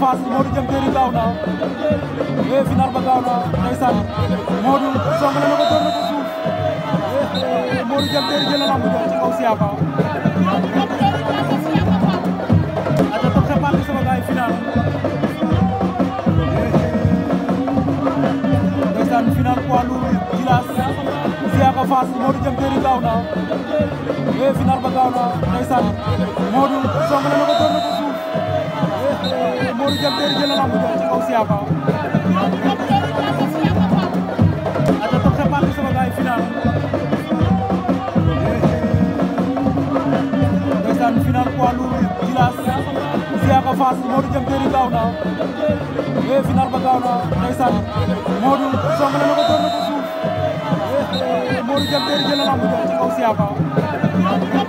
Fass Modou jëm teeri gaaw na eh final ba gaaw na ndeysaan Modou song na ko door na ko suuf eh Modou jëm teeri jël na lamb jox ci kaw Siaka ata toog xepaat sama gaay final Walu Djilass Siaka Fass Modou jëm teeri gaaw na e final ba gaaw na ndeysaan Modou song na ko door na ko suuf Modou jëm teeri jël na lamb jëm ci kaw Siaka ata toog te parti sama gaay final ndeysaan final Walu Djilass Siaka Fass Modou jëm teeri gaaw na e final ba gaaw na ndeysaan Modou Modou Diam Terry jël na lamb jooju ci kaw Siaka